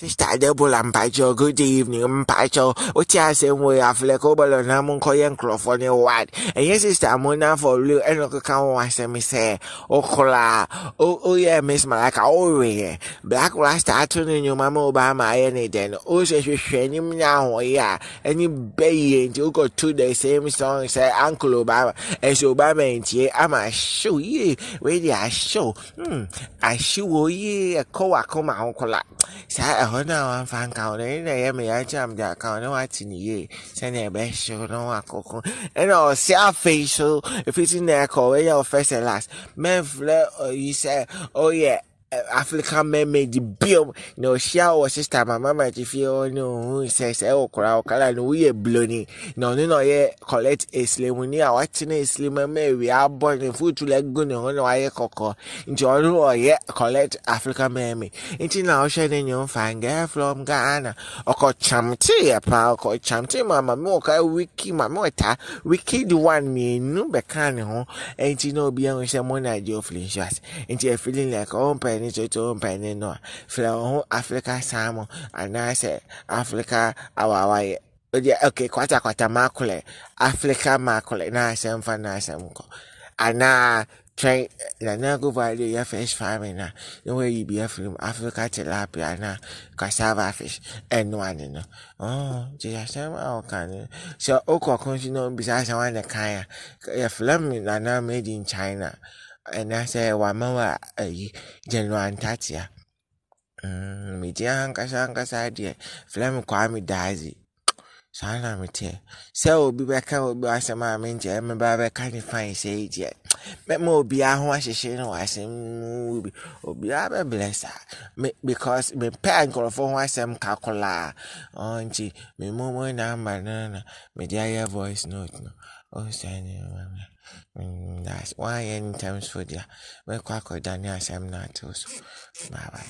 Sister Debul and Pacho, good evening, Pacho. What you are saying we have like a over on Hamon Koyan Crawford in what? And yes, Sister I'm Mona for Lou and Uncle Kawan wants me say, Okola, oh, oh yeah, Miss Malaka, oh yeah. Black Rasta turning your mama Obama then. Oh, she should train him now, yeah. And you bay ain't you go to the same song, say Uncle Obama, and so Obama ain't ye. I'm a show, yeah. Wait, I show. Hmm, I show, yeah. Koa, come on, Uncle. Say, hɔ no a wamfa nka wo no ɛne na ɛyɛ meyɛagye amde aka wo ne woate ne yie sɛnea ɛbɛhyew no wakoko ɛna ɔse afei so ɛfiti na ɛkɔ wɔyɛ wo first and last mɛmfrɛ ɔyi oh yeah african mermaid biom na ɔhyia wɔ sister mama to feel no. makyefie hɔ ne ɔhu sɛs ɛwɔ koraa ɔkala no woyɛ bloni na ɔno na ɔyɛ collect esilemu ni a wakyene esilemu ma ewie abɔ ne futu la gu ne ho na wayɛ kɔkɔɔ nti ɔno ɔyɛ collect african mermaid nti na ɔhwɛ ne nyɛ mfa ngɛɛ from ghana ɔkɔkyamte yɛ paa ɔkɔkyamte ma mame ɔka wiki mame ɔta wicked one mmienu bɛka ne ho nti na obiara ho sɛ mo na agye ofiri nsuase nti ɛfeeling like ɔmpɛ oh, mpanin toto mpanin no a frɛ wɔn ho africa salmon anaasɛ africa awawayɛ ɔdi ok kwatakwata makulɛ africa makulɛ n'asɛm fa n'asɛm kɔ anaa twɛn nana agogo ayi yɛ fish farming na na wɔayi bi afiri mu africa tilapia na cassava fish ɛnoa ne oh, no ɔn gye asɛm a ɔka no sɛ okɔ kɔnsu na ɔbisa asɛm a ne kan a yɛ filamu nana made in china anaasɛ wama wo a ayi general antatea megyina ankasa ankasa deɛ flem kwame daase saa na meteɛ sɛ obi bɛka obi asɛm a menkyɛ meba bɛka ne fae sɛ yi deɛ mɛma obiara ho ahyehyɛ no asɛm mu bi obiara bɛbrɛ saa me because mepɛ nkurɔfoɔ ho asɛm kakola a ɔnkye me momo namba no na mede ayɛ voice note no ɔsane wayɛ ntɛm so dea mɛkɔ akɔdane asɛm no atew so bye bye